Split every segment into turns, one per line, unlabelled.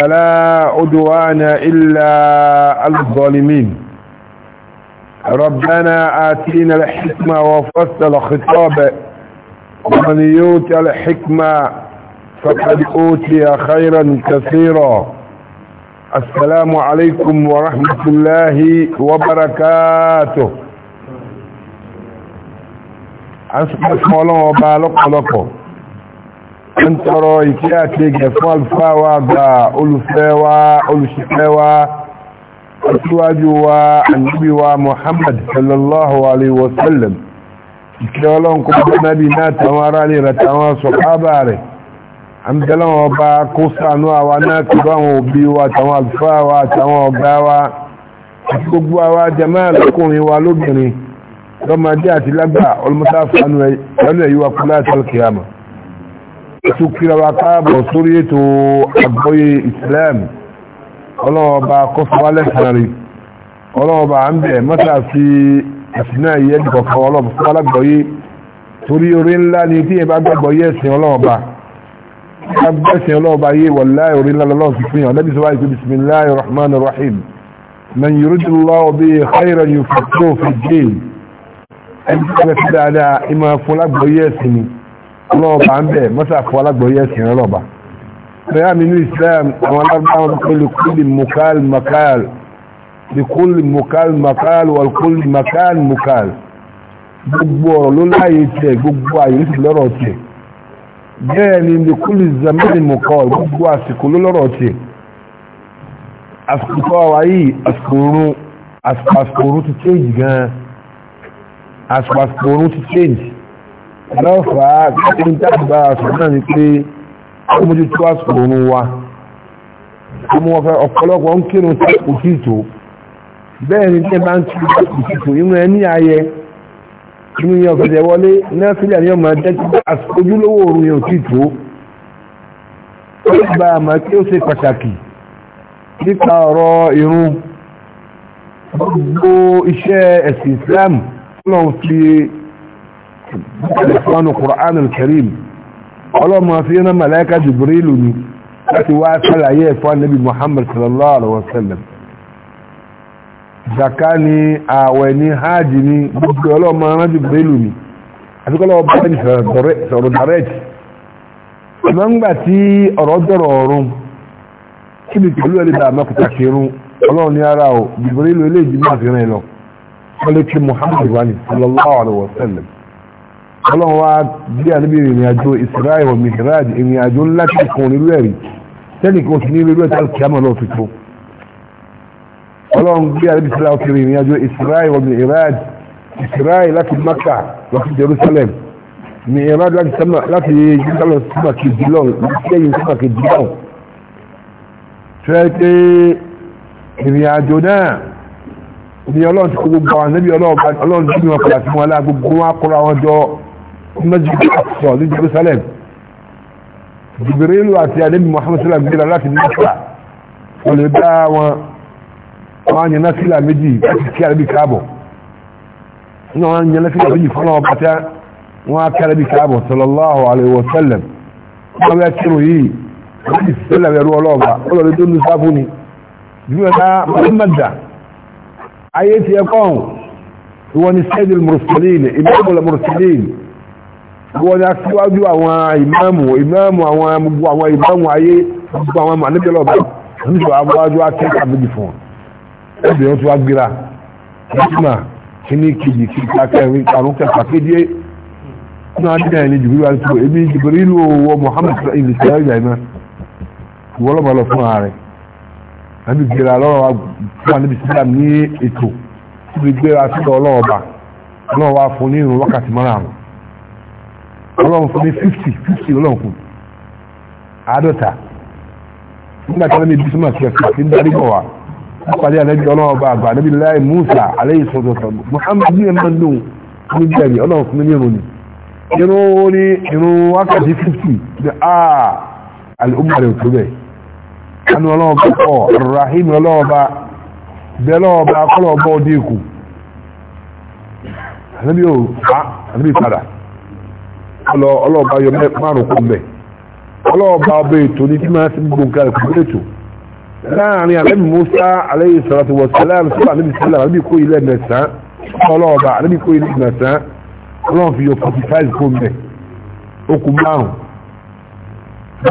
فلا عدوان إلا الظالمين ربنا آتينا الحكمة وفصل خطابه ومن يوت الحكمة فقد أوتي خيرا كثيرا السلام عليكم ورحمة الله وبركاته أسمع الله وبالك لكم ń tọrọ ìkẹ́ àti ẹgẹ̀ fún àlùfáà wa gba olùfẹ́ wa olùṣìfẹ́ wa aṣíwájú wa annabi wa muhammad sallallahu alaihi wasallam ìkẹ́ ọlọ́run kó bá nábi náà tàwọn ará lè rẹ̀ tàwọn sọ̀hábà rẹ̀ àmìtẹ́lọ́wọ́ ọba kó sànú àwa náà tó bá àwọn òbí wa tàwọn àlùfáà wa tàwọn ọ̀gá wa àti gbogbo àwa jàmáà lọ́kùnrin wa lóbìnrin lọ́mọdé àti lágbà olùmọ́sáfà ẹnu ẹ̀yíwá kúláṣà kìámà tó kíra wa káàbọ̀ sórí ètò àgbọ́yé Islam ọlọ́ọ̀bá kọfàwálẹ̀ sàárì ọlọ́ọ̀bá ń bẹ̀ mọ́ta sí àṣìná ìyẹ́ ìkọ̀kọ̀ ọlọ́ọ̀bọ̀sọ́lágbọ́yé torí orí ńlá ni tí ẹ bá gbàgbọ́yé ẹ̀sìn ọlọ́ọ̀bá gbàgbẹ́sìn ọlọ́ọ̀bá yé wàláì orí ńlá lọ́lọ́ sí fihàn lẹ́bí sọ́wọ́ ìpé bismillahi rahman rahim man yuridullahu bihi khayran yufaqqihhu fid din ọlọ́ọ̀bà ń bẹ̀ mọ́sàkọ́ alágbòrí ẹ̀sìn ọlọ́ọ̀bà bẹ́ẹ̀ nínú Islam àwọn alágbàwọn pé lèkúlì mokal makal lèkúlì mokal makal wàlkúlì makal mokal gbogbo ọ̀rọ̀ ló láàyè tẹ̀ gbogbo àyè ní lọ́rọ̀ tẹ̀ bẹ́ẹ̀ ni lèkúlì zamani mokal gbogbo àsìkò ló lọ́rọ̀ tẹ̀ yìí àsìkò orun ti change gan àsìkò orun ti change náà fà á kí ní tàbíbá sọ̀rọ̀ náà ni pé ó mójú tó àsìkò oorun wa ọmọ ọ̀fẹ́ ọ̀pọ̀lọpọ̀ ń kírun tí kò sí ìtò bẹ́ẹ̀ ni tí ẹ bá ń kí kò sí ìtò inú ẹ ní ayẹ inú yẹn ọ̀gẹ̀dẹ̀ wọlé náà sílẹ̀ ní ọmọ ẹ̀dẹ́ tí àsìkò ojúlówó oorun yẹn ò sí ìtò ó sì bá àmọ́ kí ó ṣe pàtàkì nípa ọ̀rọ̀ irun gbogbo iṣẹ́ ẹ̀sìn Islam lọ́n fi ìfọ́nù Qur'an al-Karim ọlọ́mọ fi rán màláíkà Jibrilu ni láti wá sálàyé ẹ̀fọ́ Nabi Muhammad sallallahu alaihi wasallam zaka ni ààwẹ̀ ni hajj ni gbogbo ọlọ́mọ rán Jibrilu ni àti kọ́lọ́ ọba ẹni sọ̀rọ̀ direct ṣùgbọ́n gbà tí ọ̀rọ̀ dọ̀rọ̀ ọ̀run kí ni pẹ̀lú ẹni bá mẹ́kúta kírun ọlọ́run ní ara ò Jibrilu eléyìí máa fi rán lọ wọ́n lè kí Muhammad wani sallallahu alaihi wasallam ọlọ́run wá bí àníbí ìrìn àjò israel wa mihraj ìrìn àjò ńlá tí kò nílú ẹ̀rí tẹ́nìkan sì ní irú ẹ̀ta kìámọ̀ náà fi tó ọlọ́run bí àníbí israel kiri ìrìn àjò israel wa mihraj israel láti maka lọ sí jerusalem mihraj láti sama láti jerusalem sama kejì lọ lẹ́yìn sama kejì lọ tẹ́ pé ìrìn àjò náà ni ọlọ́run ti kó gbogbo àwọn àníbí ọlọ́run bí wọn padà sí wọn lá gbogbo wọn akọ́ra wọn jọ masjid aksa ní jerusalem jibrilu àti alẹ́bí muhammad sallam gbéra láti nípa wọ́n lè dá wọn wọ́n yẹn násílà méjì láti kí alẹ́bí káàbọ̀ ní wọ́n yẹn násílà méjì fọ́nà ọba tẹ́ wọ́n á kí alẹ́bí káàbọ̀ sallallahu alaihi wa sallam wọ́n bẹ́ kírun yìí wọ́n ti sẹ́lẹ̀ ẹ̀rú ọlọ́ọ̀bà ọlọ́ọ̀dẹ́ tó ń lu sáfù ni jibrilu ta muhammad da ayé ti ẹ̀kọ́ ìwọ ni sayyidul mursalin ìbáwọ̀ mursalin wọ́n ni aṣíwájú àwọn ìmáàmù ìmáàmù àwọn gbogbo àwọn ìmáàmù ayé gbogbo àwọn mànẹ́bẹ̀lọ́bà nígbà àwọ́wájú akẹ́kọ̀ọ́ méjì fún ẹ̀bẹ̀ wọ́n ti wá gbéra nígbà kíní kejì kí kakẹ́rin karùn kẹfà kéde náà dídá ẹni jùbílù àti tó ebi jùbílù ìlú owó Muhammad ilẹ̀ sẹ́yà ìgbà iná ìwọ́lọ́bàlọ́ fún ààrẹ ẹni gbéra lọ́wọ́ fún àníbi sílám ní ètò tí gbéra sí ọlọ́ọ̀bà ọlọ́wọ́ fún ní ìrùn wákàtí márùn-ún ọlọ́run fún ní fifty fifty ọlọ́run fún àádọ́ta nígbà tí wọ́n ní bísímà kẹfà ọba àgbà níbi láì Musa alayhi sọ̀tọ̀tọ̀ Muhammad ní ẹ̀mọ́ lóhun ní jẹ̀bi ọlọ́run fún ní ìròyìn irun ní irun wákàtí fifty ní aa ah, alùpùpù rẹ̀ ọlọ́ọ̀bá yọ márùn kún bẹ̀ ọlọ́ọ̀bá ọbẹ̀ ètò ní tí máa ti gbogbo nǹkan rẹ̀ kún ètò láàrin alẹ́bí musa alayhi salatu wa salam sí àlẹ́bí sílẹ̀ àlẹ́bí kó ilẹ̀ mẹ́sàn ọlọ́ọ̀bá àlẹ́bí kó ilẹ̀ mẹ́sàn ọlọ́ọ̀ fi yọ forty five kún bẹ̀ okùn márùn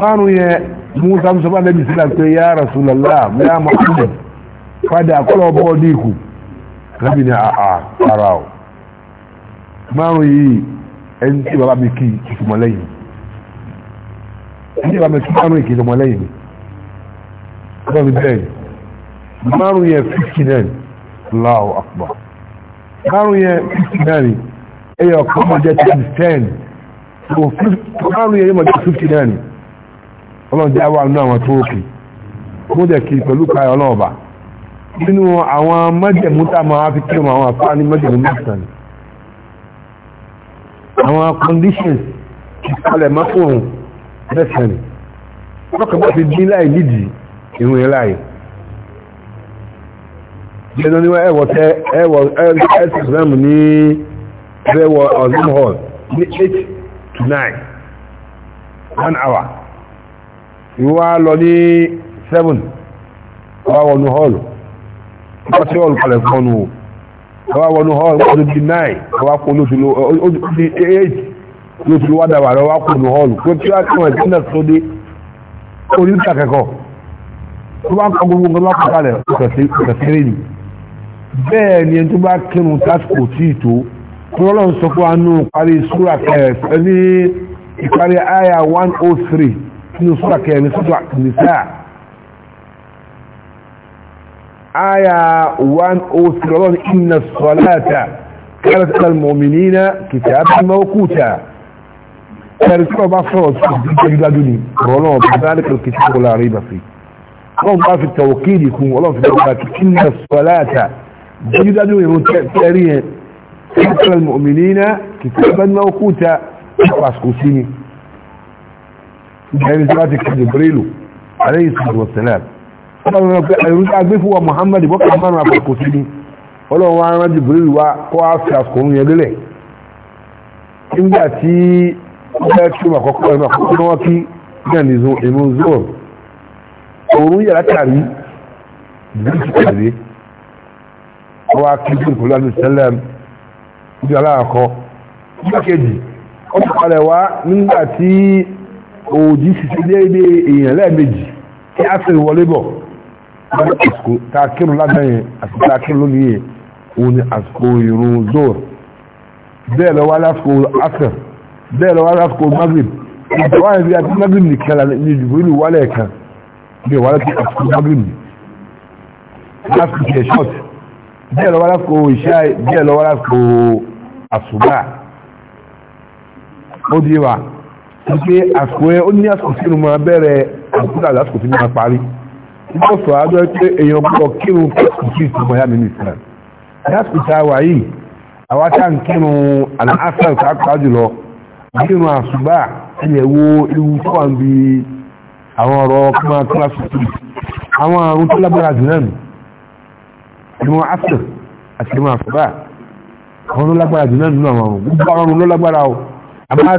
márùn yẹn musa musa bá àlẹ́bí sílẹ̀ pé ya rasulallah ya muhammad padà kọ́lọ́ọ̀bọ̀ ọdún ìkù àlẹ́bí ni àà ara ọ̀ márùn yìí ẹni tí bàbá mi kì í tùmọ̀ lẹ́yìn ẹni tí bàbá mi kì í márùn ìkì tùmọ̀ lẹ́yìn bàbá mi bẹ́ẹ̀ márùn yẹn fifty nine Allahu akbar márùn yẹn fifty nine ẹyẹ ọkọ mọ jẹ times ten márùn yẹn mọ jẹ fifty nine ọlọ́run jẹ́ àwọn àánú àwọn tó kì mo kì í pẹ̀lú káyọ̀ ọlọ́ọ̀bà nínú àwọn májẹ̀mú tá a máa fi kí wọn àwọn àfáàní májẹ̀mú mẹ́sàn-án àwọn conditions ìpalẹ̀ má fún òun bẹ́sẹ̀ ni lọ́kàn bá ti dín láì nídìí ìrùn yẹn láì jẹ́nà níwá ẹ̀wọ̀ tẹ́ ẹ̀wọ̀ ẹ̀sìsìlám ní ẹ̀wọ̀ ọ̀zọ́m hall ní 8 to 9 one hour ìwá lọ ní 7 ọwọ́ ọ̀nù hall ọ̀tí hall kalẹ̀ fọ́nù o ọwá wọnú hall wọ́n tó di 9 ọwá kó lóṣùlò di rẹ̀ nù hall tí wọ́n kọ́ ẹ̀sìn náà sóde orí níta kẹ́kọ̀ọ́ tó bá ń kọ́ gbogbo kọ́ kalẹ̀ ni bẹ́ẹ̀ ni tó bá kírun tásìkò tí ì tó sọ fún parí ní ìparí àyà nínú ní آية 103 إن الصلاة كانت على المؤمنين كتابا موقوتا كانت بقى صوت تجدادني رولون بذلك الكتاب لا ريب فيه رولون بقى في التوكيد يكون والله في التوكيد إن الصلاة تجدادني تاريه كانت على المؤمنين كتابا موقوتا واسكوسيني يعني ذاتك جبريل عليه الصلاة والسلام ọlọ́run pé àìrúta gbé fún wa Muhammad bọ́kà márùn àpapọ̀ sí ni ọlọ́run wa rán Jibril wa kọ́ á fi àsìkòrún yẹn lélẹ̀ nígbà tí ọlọ́run kí wọ́n àkọ́kọ́ ẹ̀mọ́ àkọ́kọ́ náà kí náà ní ìmú zoon òórùn yàrá tàrí Jibril ti tàrí ọwọ́ akí Jibril pẹ̀lú àmì sẹ́lẹ̀ ní aláàkọ́ nígbà kejì ọ̀sán kalẹ̀ wá nígbà tí òòjì sì ti dé èèyàn lẹ́ẹ̀mejì kí á sì wọlé bọ̀ lọ́dọ̀ àsìkò tá a kírun lábẹ́ yẹn àti tá a kírun lónìí yẹn òun ni àsìkò ìrun zor bẹ́ẹ̀ lọ́wọ́ lásìkò asr bẹ́ẹ̀ lọ́wọ́ lásìkò magrib ìjọba yẹn bí àti magrib nìkan la ní ìdìbò ìlú wálẹ̀ kan bí wàhálà ti àsìkò magrib lásìkò tiẹ̀ short bẹ́ẹ̀ lọ́wọ́ lásìkò ìṣá bẹ́ẹ̀ lọ́wọ́ lásìkò àsùbà ó di wa wípé àsìkò yẹn ó ní àsìkò sínú máa bẹ̀rẹ̀ àsìkò àti àsìkò tí máa parí wọ́n sọ adọ́ pé èèyàn gbọ́ kírun fẹ́ẹ̀kù sí ìsìnkú ya mínísítà láti ta wà yìí àwọn tá ń kírun àlàáfíà pàápàá jùlọ kírun àṣùgbà ẹ̀yẹ̀ wo ewu tó wà ń bi àwọn ọ̀rọ̀ kọ́má kíláàsì tó àwọn àrùn tó lágbára jù náà nù ìrun àṣù àti ìrun àṣùgbà àwọn ló lágbára jù náà nínú àwọn àrùn gbogbo àwọn ló lágbára o àmọ́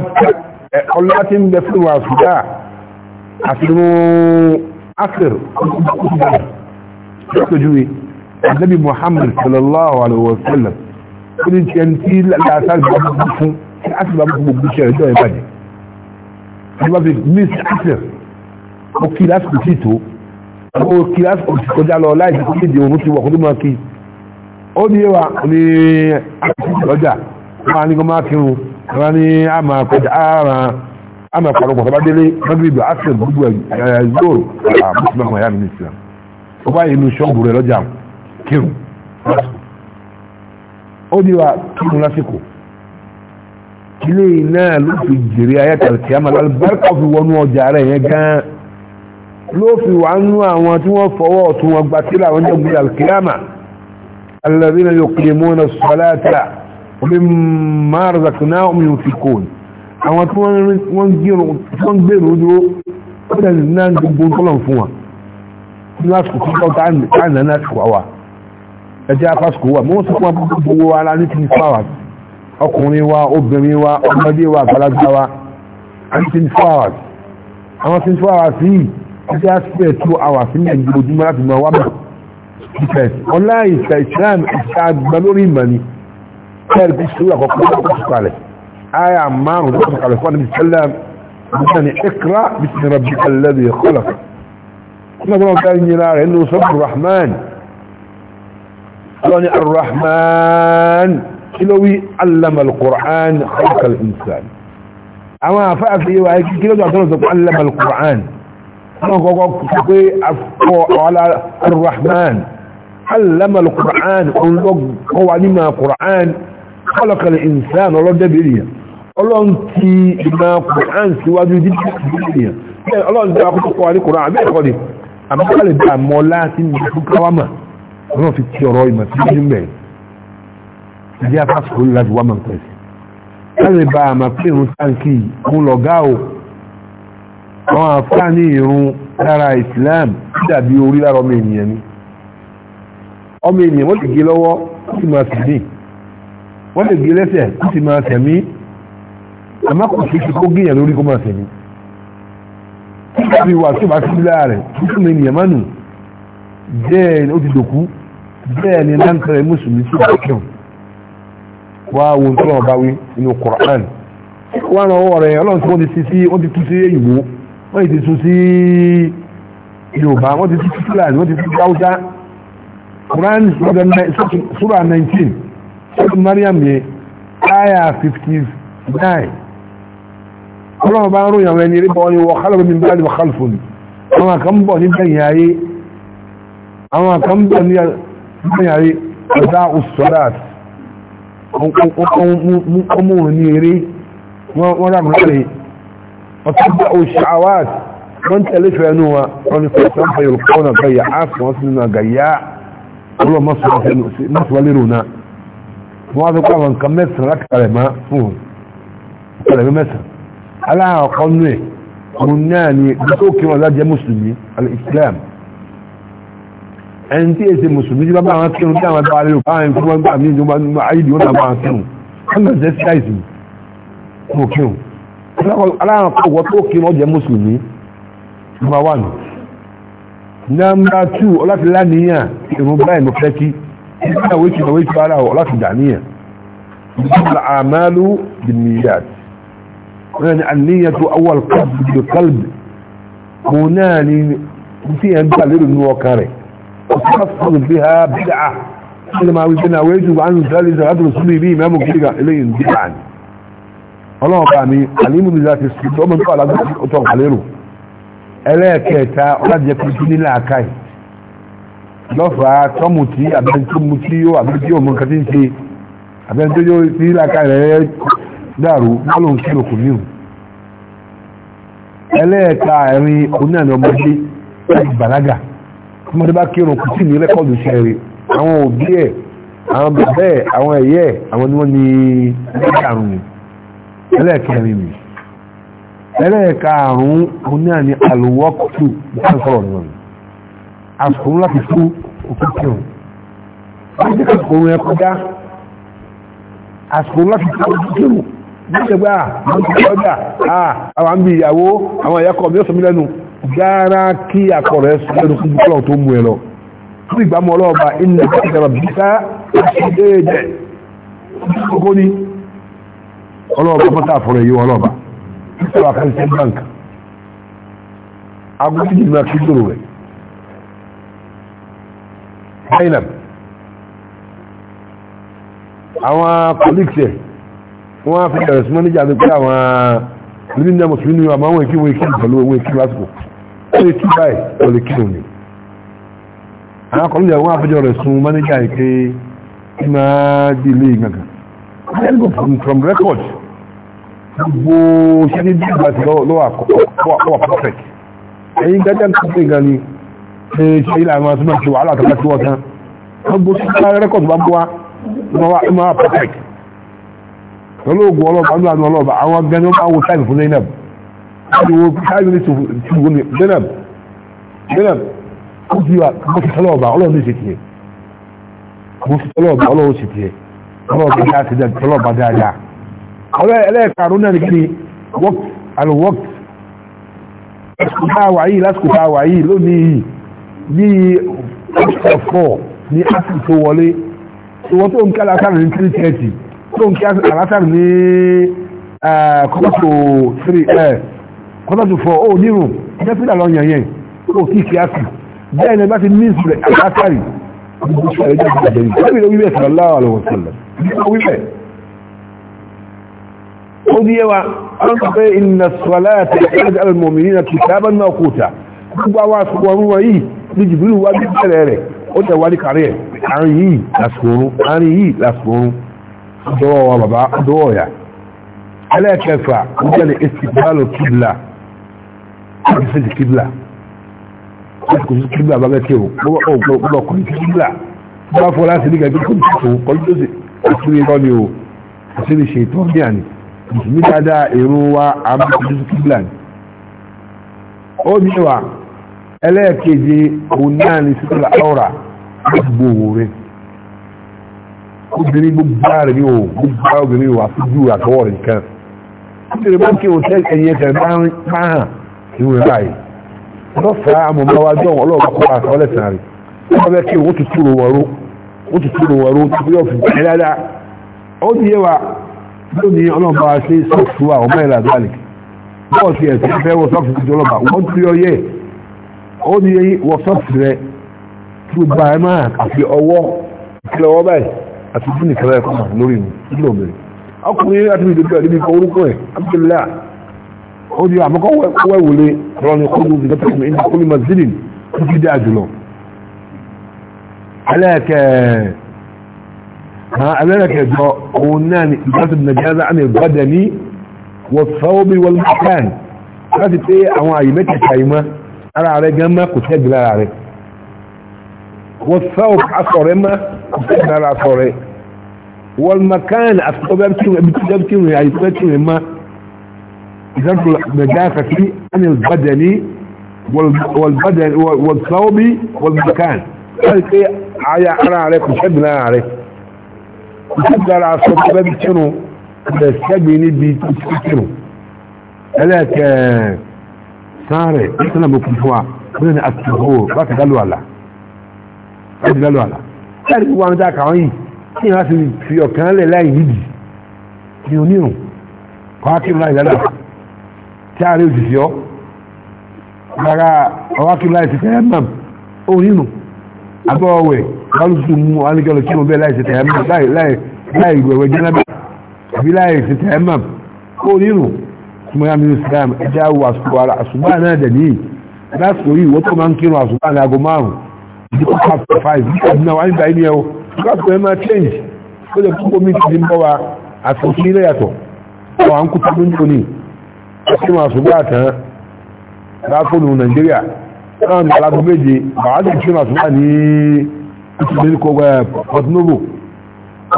ọlọ́wà ti ń bẹ fún ìwà àṣùgbà àti ìrun asir ṣe júwe annabi muhammad sallallahu alaihi wasallam kúrò tí ẹni tí lásán gbogbo fún tí asir bá gbogbo gbogbo ṣẹlẹ̀ jọ ìbàjẹ́ tí wọ́n fi miss asir ó kí lásìkò sí tó ó kí lásìkò sí kọjá lọ láì sí kéde òun ti wọ̀ kó tó máa kí ó ní wa ní asir lọ́jà wọ́n á ní kó máa kírun wọ́n á ní àmà kọjá ama farko ba dele magrib asr gbogbo zoro a ah, musulman ma ya ni islam o ba yi nu shogure lo jam kiru o di wa kiru lásìkò kile na lo fi jere ayatal kiyama albarka fi wọnú ọjà rẹ̀ yẹn gan ló fi wà nú àwọn tí wọ́n fọwọ́ tún wọn gba sílẹ̀ àwọn jẹ́ gbogbo alkiyama alladhina yuqimuna as-salata wa mimma razaqnahum yunfiqun àwọn tí wọ́n ń gbèrò dúró ọ̀dẹ̀ náà gbogbo tọ́lọ̀ fún wa ní lásìkò tó tọ́ táàmì náà lásìkò wà ẹjẹ́ apásìkò wà mọ́ sí fún gbogbo wa ara ní tìǹ fáwàs ọkùnrin wa obìnrin wa ọmọdé wa àgbàlagbà wa ní tìǹ fáwàs àwọn tìǹ fáwàs yìí ẹjẹ́ aspẹ̀ tó àwà sí ní ẹ̀jẹ̀ ojúmọ́ láti mọ wámà آية عمار وضحك على الإخوان بيتكلم يعني اقرأ باسم ربك الذي خلق كنا قلنا كان ينار إنه صبر الرحمن يعني الرحمن كلوي علم القرآن خلق الإنسان أما فأس إيه وعيك كلوي علم القرآن أنا قلت على الرحمن علم القرآن هو قوانيما القرآن خلق الإنسان ولو دبيريا ọlọ́run ti ìgbà kùrán síwájú jíjí ìgbìyàn bẹ́ẹ̀ ọlọ́run ti akókò kọ́ àrí kùrán àbẹ́ ẹ̀kọ́ ni àmọ́kàlè bí àmọ́ láti ní ìfúkáwámà ọlọ́run fi ti ọ̀rọ̀ ìmọ̀ sí ìjú mẹ́rin ìdí afásitì lórí láti wámà nǹkan ẹ̀sìn láti bá àmà pé irun táǹkì ń lọ gá o àwọn àǹfààní irun lára Islam dàbí orí lára ọmọ ènìyàn ni ọmọ ènìyàn wọ́n ti gé lọ́wọ́ ó sì máa sẹ̀mí wọ́n ti gé lẹ́sẹ̀ ó sì sẹ̀mí àmọ́ kò ṣe é ṣe kó gèèyàn lórí kó máa tẹ̀lé níbi wà tó bá sí láàrẹ̀ nítorí ènìyàn mánu bẹ́ẹ̀ ni ó ti dòkú bẹ́ẹ̀ ni láǹtẹ̀rẹ̀ mùsùlùmí sí ìdákẹ́wò wá wo tó lọ́wọ́ bá wí nínú Qur'an wọ́n ràn ọwọ́ rẹ̀ ọlọ́run tí wọ́n ti sí sí wọ́n ti tú sí èyìnbó wọ́n ti tú sí Yorùbá wọ́n ti tú sí Fúlàní wọ́n ti tú sí Haúsá Qur'an sura 19 sura Mariam yẹ aya 59 ọlọ́run bá ń ròyìn àwọn ẹni rípa ọni wọ kálọ̀ mi bá ní wàkálùfò ní àwọn kan bọ̀ ní gbẹ̀yìn ayé àwọn kan bọ̀ ní gbẹ̀yìn ayé ọ̀dá ọ̀sọ̀láàt ọmọ ní eré wọ́n rákùnrin ọ̀tọ́gbà òṣàwàt wọ́n tẹ̀lé fẹ́nu wa ọni fẹ́sán fẹ́yọ̀ kọ́nà gàyà áàfin wọ́n sì nínú gàyà ọlọ́run mọ́sùwálérò náà mẹ́sàn-án aláàkọ́ nú ẹ̀ òun náà ni tó kí wọn lájẹ́ mùsùlùmí al-islam ẹni tí èsè mùsùlùmí tí bá bá àwọn kírun tí àwọn bá rí òkú àwọn ìfúnwọ́n gbà mí ìjọba nínú ayédè wọn náà bá àwọn kírun wọn number one number two ọláti láníyàn ìrùn báyìí mo fẹ́ kí
ìgbà wíkì náà wíkì bára ọ̀
láti dàníyàn ìgbà àmàlù bìnnìyàtì يعني النية أول قلب بالقلب هناني في أن تعليل النوكاري وتحصل بها بدعة لما وجدنا ويجب عنه ثالث هذا رسولي به إمام كبيرة إليه بدعا الله قامي عليم بذات السكت ومن قال هذا أطلق عليه ألا كيتا قد يكون لا كاي لفا تموتي أبن تموتي وأبن تيو من كتنشي أبن تيو تيلا كاي dàrú wọ́n lòun kílò kò níhùn ẹlẹ́ẹ̀ka ẹ̀rin oní àná ọmọdé láti bàlágà ọmọdé bá kírun kò sí ní rẹ́kọ́ọ̀dù iṣẹ́ rẹ̀ àwọn òbí ẹ̀ àwọn bàbá ẹ̀ àwọn ẹ̀yẹ́ ẹ̀ àwọn ni wọ́n ní ẹlẹ́ẹ̀karùn ni ẹlẹ́ẹ̀kẹrin ni ẹlẹ́ẹ̀karùn oní àní àlùwọ́kùtù ìtàn sọ̀rọ̀ nìwọ̀n àsìkò láti kú òkú kírun wọ́n ti kọ́ àsìkò rẹ̀ kọjá àsìkò láti kú òkú kírun gbẹ́gbẹ́ ah, ọjà ah, àwọn àmì ìyàwó àwọn ìyàkọ̀ mi ó sọ mí lẹ́nu gáárá kí àkọ̀rẹ́ lẹ́nu fún búkọ́lọ̀ tó mú ẹ lọ fún ìgbàmọ́ ọlọ́ọ̀bà ilẹ̀ ìjọba bíkà ìṣẹ́jẹ́ gbogbo ní ọlọ́ọ̀bà pátá fọ̀rọ̀ èyí ọlọ́ọ̀bà nítorí àkànṣe bank agbóhùn ìgbà kí dòrò rẹ̀ Zainab àwọn colleagues wọ́n á fi ẹ̀rẹ̀ sí mọ́níjà ní pé àwọn onídìí mùsùlùmí ni àmọ́ àwọn èkí wọn èkí pẹ̀lú owó èkí lásìkò ó lè kí báyìí lè kí òní àwọn akọ̀lùjà wọ́n á fẹjọ́ rẹ̀ sun mọ́níjà yìí pé from from record gbogbo ṣe ní bí ìgbà tí lọ́wọ́ àkọ́kọ́ perfect ẹ̀yin pẹ̀lú ogun ọlọ́ba ní àwọn ọlọ́ba àwọn gẹ́ni wọ́n bá wo táìmù fún Zainab wọ́n wo táìmù ní tìbú ní Zainab Zainab ó ti wà mo ti tọ́lọ̀ ọba ọlọ́run ní ṣe tiẹ̀ mo ti tọ́lọ̀ ọba ọlọ́run ṣe tiẹ̀ ọlọ́ọ̀ba dáa ti dẹ̀ tọ́lọ̀ ọba dáadáa ẹlẹ́ẹ̀karùn náà nìkan ni work and work lásìkò tá a wà yìí lásìkò tá wà yìí lónìí yìí bíi four ní àti wọlé tí tó ń kálá sáré ní three thirty tó ń kí alásàrì ní kọ́tàtò 3 kọ́tàtò 4 ó nírùn jẹ́fìdà lọ yẹ̀yẹ̀ ó kí kí á sì bẹ́ẹ̀ ni bá ti ní ìsìlẹ̀ alásàrì gbogbo ṣàrẹ́ jẹ́ ìgbàjẹ́ ìgbàjẹ́ ìgbàjẹ́ ìgbàjẹ́ ìgbàjẹ́ ìgbàjẹ́ ìgbàjẹ́ قضي وأنت إن الصلاة تحتاج على المؤمنين كتابا موقوتا gbogbo àsìkò ọrún wọ̀nyí ní jìbìlú wá bí bẹ̀rẹ̀ rẹ̀ ó tẹ̀wà ní kàrí ẹ̀ àárín yìí lásìkò ọrún dọ́wọ́ wa bàbá dọ́wọ́ ya ẹlẹ́ẹ̀kẹfà nígbàlẹ̀ ìsìnkú kíbla ìsìnkú kíbla ìsìnkú kíbla bàbá tí o gbọ́dọ̀ kọ́ ìsìnkú kíbla tí wọ́n fọ́ láti nígbà kíkọ́ ìsìnkú kọ́lítọ́sì ìsìnkú irọ́ ni o ìsìnkú ṣe ìtọ́ bí àní mùsùlùmí dáadáa èrò wa àmì ìsìnkú kíbla ni ó ní obìnrin gbogbo ààrẹ ní òun gbogbo obìnrin wà fújú àtọwọ́ rẹ̀ nìkan obìnrin bá ń kí hòtẹ́ẹ̀lì ẹ̀yìn ẹ̀sẹ̀ máa hàn nínú ìlà yìí lọ́fàá amọ̀mọ́wá jọ̀wọ́ ọlọ́ọ̀bá kọ́ àṣà ọlẹ́sàn wọ́n bẹ́ kí wọ́n ti túrò wọ̀ró wọ́n ti túrò ọ̀fìn ó ní wa lónìí ọlọ́ọ̀bá ṣe sọ́ọ̀tù wa ọmọ ìlà dálì bọ́ọ̀sì ẹ̀ àti bí nìkan láì kọ́mà lórí mi nílò obìnrin ọkùnrin láti fi dèbí àdébí kan orúkọ ẹ̀ Abdullahi ó di àmọ́kọ́ wẹ́ wọlé ọ̀rọ̀ ni kọ́dún ní dọ́tà ìmọ̀ ìdíkọ́ ní mazilin tó fi dáa jùlọ. alẹ́kẹ̀ẹ́ jọ òun náà ni ìgbàsọ̀ nàìjíríà àmì ìgbàdà ní wọ́sọ́ọ́bí wọ́n mọ́kàn láti pé àwọn àyè mẹ́tẹ̀ẹ̀ta ara rẹ̀ gan mọ́ kò rẹ̀ والثوب أصره ما كان أصره والمكان أصره بتجبتين يعني بتجبتين ما ذرف النجاسة عن البدن والبدن والثوب والمكان قالت ايه عيا انا عليك وشبنا عليك وشبنا على الصوت بابتشنو بسجني بيتشنو قالك ساري اسلموا كنتوا قلنا التهور باك قالوا الله láti lálọ́ àlá láti gbogbo àwọn ìdáka wọn yìí kí wọ́n ti fi ọ̀kan lẹ̀ láì nídìí ní onírùn kọ́ akínú láì lálọ́ tí a rí òjìṣẹ́ ọ́ lára ọwọ́ akínú láì ti tẹ̀ ẹ́ mọ̀ onírùn abọ́ ọ̀wẹ̀ lálùsùn mú alẹ́gẹ́lẹ́ kí wọ́n bẹ́ẹ̀ láì ti tẹ̀ ẹ́ mọ̀ láì gbẹ̀wẹ̀ jẹ́nẹ́bẹ̀ àbí láì ti tẹ̀ ẹ́ mọ̀ onírùn ìdíkọ́ chapter five ní kàdínà wà nígbà yìí ni ẹ o káàkiri ẹ máa change ó lè púpọ̀ mi ti di ń bọ́ wa àtúnṣe ilé yàtọ̀ àwọn àǹkútà ló ń jò ní àti wọn àṣùgbọ́ àtàn ráfóònù nàìjíríà náà ní alágbó méje bàádì tí wọn àṣùgbọ́ ní ìtìlẹ́lẹ́ kọgbẹ́ pọtinovo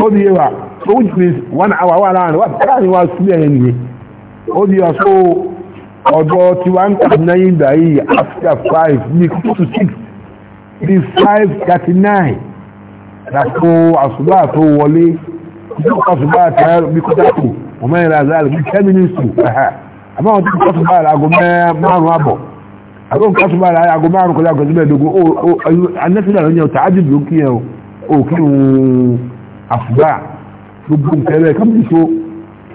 ó di ẹwà so which means one hour wà láàrin wà láàrin wà sílẹ̀ ẹ̀yẹn nìyẹn ó di ọ̀ṣọ́ ọ̀dọ́ tí wọ́n ń kàdínà after five ní kúkú to six di five thirty nine lásìkò àṣùbà tó wọlé ìjọ àṣùbà tààrà bí kọ́tàkù ọmọ ìrìn àzáàlì bí ten minutes to ẹ̀hà àmọ́ àwọn tó ń kọ́tùbà àgọ́ márùn-ún àbọ̀ àgọ́ kọ́tùbà àgọ́ márùn-ún kọjá kọjá mẹ́ẹ̀ẹ́dógún anẹ́sílẹ̀ ló ń yẹ ọ̀tà ájìbì ó kí ẹ ò kí òun àṣùbà gbogbo nǹkan ẹ̀rẹ́ kámi so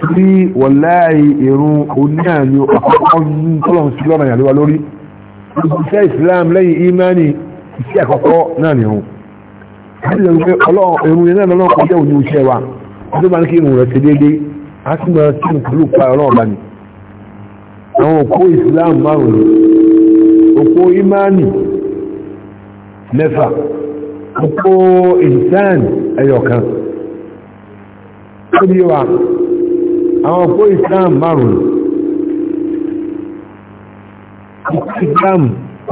torí wọ̀láì ìrun oníyàn ni àkọ́kọ́ ń tọ́lọ̀ sí lọ́nà ìyàlúwa lórí gbogbo iṣẹ́ ìsìlámù lẹ́yìn sí àkọ́kọ́ náà ni òun láti lè wípé ọlọ́run yẹn náà lọ́nà kọjá òní iṣẹ́ wa ọdún bá ní kí irun rẹ̀ ṣe déédéé a sì máa kí irun pẹ̀lú pa ọlọ́run bá ní àwọn òkú Islam márùn-ún òkú imani mẹ́fà òkú ìsán ẹ̀yọ̀kan ó bí wa àwọn òkú Islam márùn-ún òkú Islam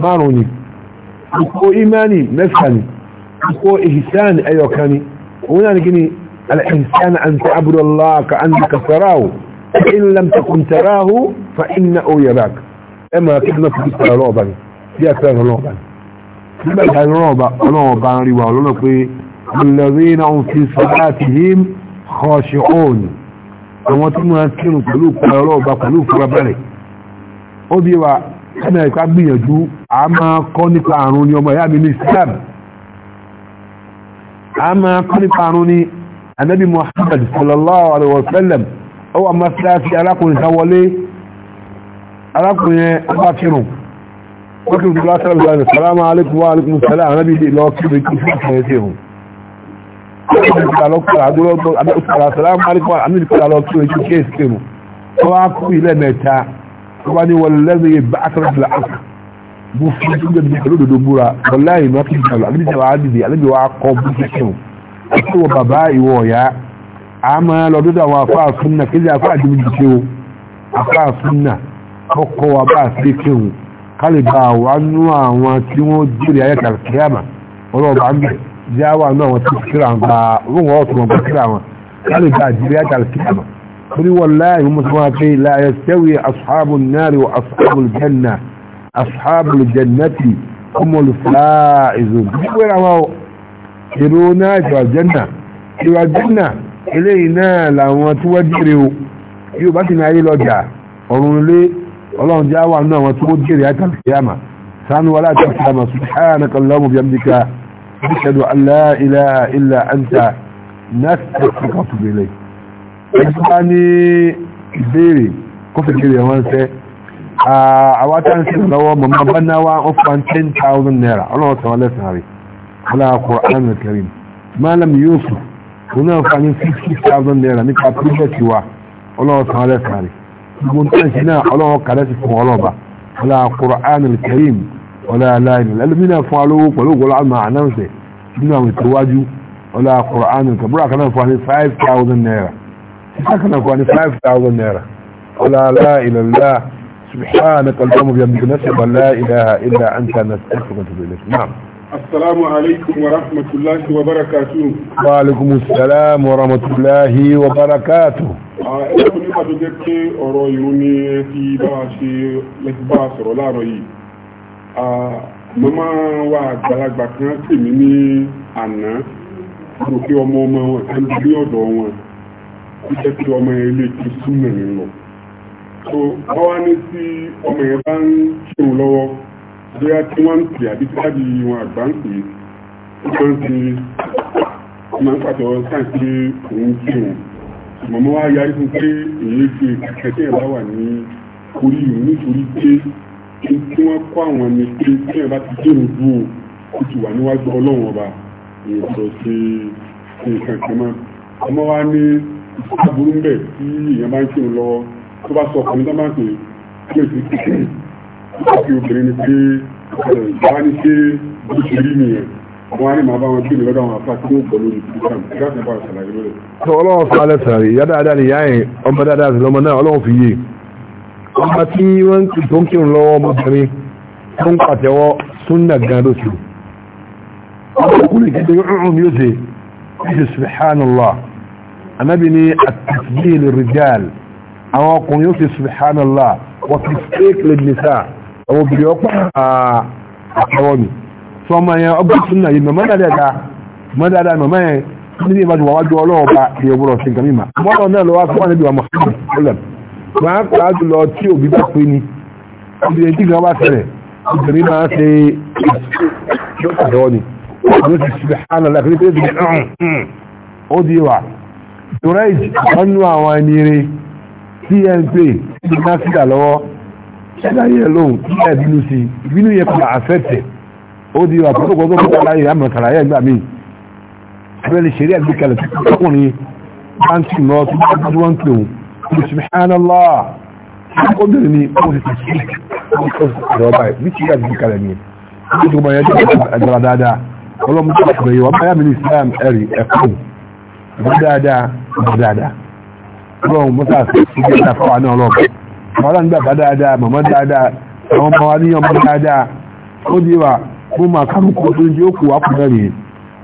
márùn-ún ko imani mẹ́fàní ko ihsan ayọ̀kani òun náà ni gini al'ihsan an ta'abudu Allah ka an ka sarahu in lam takun tarahu fa inna o yarak ẹ ma kí na fi sara lọ́ọ̀bá ni bí a sara lọ́ọ̀bá ni nígbà tí a lọ́ọ̀bá ọlọ́ọ̀bá ń rí lọ́nà pé alladhina hum fi salatihim khashi'un àwọn tí wọ́n kírun pẹ̀lú ọlọ́ọ̀bá pẹ̀lú furabalẹ̀ ó bí wa ẹ̀nà ìka gbìyànjú a máa kọ́ nípa àrùn ní ọmọ ìyá mi ní Islam a máa kọ́ nípa àrùn ní anabi Muhammad sallallahu alaihi wa sallam ó wà mọ́síláṣí arákùnrin sáwọlé arákùnrin ọba kírun wọ́kí ìdílá sáàbùsá ní sàlámà alékùnwá alékùnmùsálà àrábì ilé lọ kí ìrìkì fún ìfẹ́ sí ohun sàlámà alékùnwá alékùnmùsálà lọ kí ìrìkì fún ìfẹ́ sí ohun ọba ni wọ́n lẹ́nu yẹ bá àtàrà fìlà áàkì bó fún un jẹ́ bíi olódodo búra wọ́lá yìí má kìí jàlọ àbí jàlọ àdìdì àbí wàá kọ́ bó ti kẹ́wọ̀n àti wọ bàbá ìwọ ọ̀yá a máa lọ dọ́dọ̀ àwọn afá súnà kéde afá àdìmí jìṣe o afá súnà ọkọ̀ wa bá àti kẹ́wọ̀n kálí bá wa nú àwọn tí wọ́n jèrè ayé kàkíyàmà ọlọ́ọ̀bà ń bẹ̀ jẹ́ àwọn àwọn tí kíra wọn bá wọn ọ̀tún wọn bá kíra wọn kálí bá jèrè ayé kàkíyàmà قل والله مصراتي لا يستوي أصحاب النار وأصحاب الجنة أصحاب الجنة هم الفائزون وين هو يرونا الجنة يرو الجنة إلينا لما توجروا يبقى نعي لجا ọ̀run ilé ọlọ́run já wà náà wọn tí ó jèrè àtàkìyàmà sánú wà láti àtàkìyàmà subhanaka allahumma biyamdika ashhadu an la ẹjú bá ní ìbéèrè kó fi béèrè wọn sẹ́ àwọn tá ń sè lọ́wọ́ mọ̀mọ́ bá ná wá ó ten thousand naira ọlọ́wọ́ sọ wọn lẹ́sàn-án rẹ̀ aláàkọ̀ àmì kẹrin malam yusuf òun náà fa ní sixty thousand naira nípa pílẹ̀tì wa ọlọ́wọ́ sọ wọn lẹ́sàn-án rẹ̀ gbogbo nǹkan ṣe náà ọlọ́wọ́ kàdá sí fún ọlọ́ba aláàkọ̀ àmì kẹrin ọláàláìní ẹlòmínà fún alówó pẹ̀lú ògbọ́lọ́ àmà ànáǹsẹ̀ nínú àwọn ìtòwájú ọlọ́àkọ̀ àmì kẹrin búrọ̀ kan náà fa ní five thousand naira حكنا كواني 5000 نيرة ولا لا إلى الله سبحانك اللهم بيامدك نسب لا إله إلا أنت نستغفرك ونتوب إليك نعم
السلام عليكم ورحمة الله وبركاته
وعليكم السلام ورحمة الله وبركاته
ẹ̀kùn nípa tó jẹ́ pé ọ̀rọ̀ ìrún ni ti bá ṣe lẹ́gbà sọ̀rọ̀ láàrọ̀ yìí mo máa wà àgbàlagbà kan pè mí ní àná mo rò pé ọmọ ọmọ wọn kan bí ọ̀dọ̀ wọn kó jẹ́ kí ọmọ yẹn lè ti súnmọ̀ nínú so báwa ní tí ọmọ yẹn bá ń ṣeun lọ́wọ́ bóyá tí wọ́n ń pè àbí tí wọ́n di wọn àgbà ń pè ó máa ń ti ọmọ ń pàtó sáà pé òun ṣeun mọ̀mọ́ wa yarí fún pé èyí fi kẹ̀kẹ́ tí ẹ̀ bá wà ní orí ìlú nítorí pé tí wọ́n kọ́ àwọn ni pé tí ẹ̀ bá ti dèrò bú o kò sì wà níwájú ọlọ́run ọba èyí sọ sí nǹkan kan ọmọ wa ní aburú ń bẹ tí èèyàn bá ń kírun lọ́wọ́ tó bá sọ ọkùnrin tó máa ń pè é kí èsì kí obìnrin ni pé ìjọba ní pé bó ṣe rí nìyẹn wọn á ní màá bá wọn gbìyànjú lọ́dọ̀ àwọn afá tí ó gbọ́ lórí program ìgbàsẹ̀ bá ṣàlàyé lórí.
sọ ọlọ́run fún alẹ́ sàrí ìyá dáadáa ni ìyá yẹn ọmọ dáadáa sí lọ́mọ náà ọlọ́run fi yé ọmọ tí wọ́n tó ń kírun lọ́wọ́ ọmọbìnrin tó ń pàtẹ́wọ́ súnà gan lóṣù ọmọkùnrin kìí ṣe ń rún mi ó ṣe ṣe subhanallah anábì ní àtàkìyè lè rìjáàl àwọn ọkùnrin yóò ṣe subhanallah wọ́n ti fake lè nìta àwọn obìnrin ọ̀pá àtàwọn ni tí wọ́n máa yẹn ọgbọ́n tún náà yìí mọ̀ dáadáa mọ̀ dáadáa mọ̀ mọ̀ yẹn níbi ìbájú wà wájú ọlọ́ọ̀ba ìyẹn gbọ́dọ̀ sí nǹkan mímà mọ́tò náà lọ́wọ́ fún níbi wà mọ̀sílẹ̀ problem máa á jùlọ tí òbí bá pé ni Suraj ọ̀nù àwọn ẹnire TNP ní Násìdà lọ́wọ́ ṣẹ́dá yẹ lóhùn kíkà ìbínú sí ìbínú yẹ kọ́lá àfẹ́tẹ̀ ó di wà púpọ̀ gbogbo púpọ̀ láyé àmọ̀kàrà yẹ gbà mí abẹ́ lè ṣeré àgbékalẹ̀ tọkùnrin báńkì lọ tó bá gbọ́dọ̀ wọn pè wọn subhanallah obìnrin ni ó ti bó dáadáa bó dáadáa ọlọ́run mọ́ta na ìgbé ìtafọ́ àná ọlọ́run mọ́lá nígbà wa mo máa kárùkù tó ń jẹ́ òkú wa kù náà nìyẹn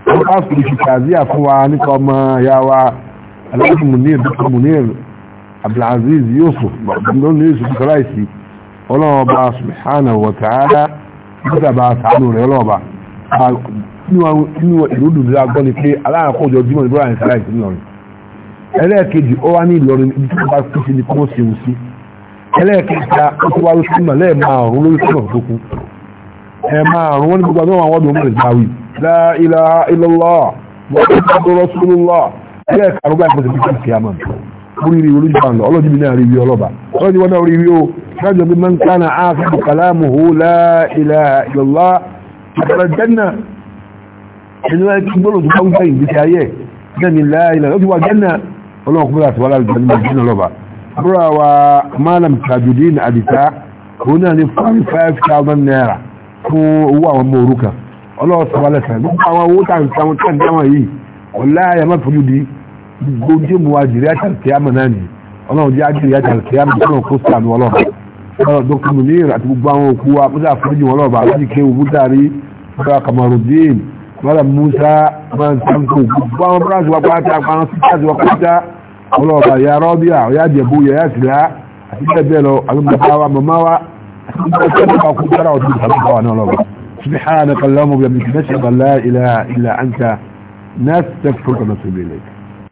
wọ́n ká fi ìṣìkàzíà fún wa nípa ọmọ wa munir munir abdulaziz yusuf yusuf ọba nínú ìlú dùdú agbọ́ ni pé aláàkójọ jimoh ibrahim ìsàlá ìpínlẹ̀ Ìlọrin ẹlẹ́ẹ̀kejì ó wá ní Ìlọrin ibi tó bá kú sí ni kó ṣe wù sí ẹlẹ́ẹ̀kẹta ó ti wá ló sí màlẹ́ márùn lórí sọ̀rọ̀ tó kú ẹ márùn wọn ni gbogbo àwọn àwọn ọdún báwí la ilaha mọ̀ oríire olójúbà ńlọ ẹni wáyé kí gbọ́nà tó bá wípé ìgbésí ayé lẹ́ni láàrín ó ti wà jẹ́nà ọlọ́ọ̀kúnlẹ̀ àti wàlá ìjọba jẹ́nà lọ́ba búra wa malam tajudeen adita òun náà ní 45,000 naira fún owó àwọn ọmọ òrukàn ọlọ́ọ̀sọ̀wálẹ̀sẹ̀ gbogbo àwọn owó tàn táwọn tàn táwọn yìí ọ̀lá àyàmá fojú di gbogbo jẹ́ mu àjèrè àtàlùkì àmà náà ni ọlọ́run jẹ́ àjèrè àtàlùkì àmà náà kó sànù ọlọ́ọ̀bà ọlọ́run dókítà àti gbogbo àwọn òkú mara musa man sanko gbogbo àwọn branch wa pátá àwọn sisters wa pátá ọlọ́ọ̀bà ya rọ́bíà ya jẹ̀bú ya ya sílá àti bẹ́ẹ̀ lọ àwọn bàbá wa màmá wa àti bẹ́ẹ̀ lọ kú dára ọdún ìsàlùkọ́ wa náà anta nastaghfiruka wa natubu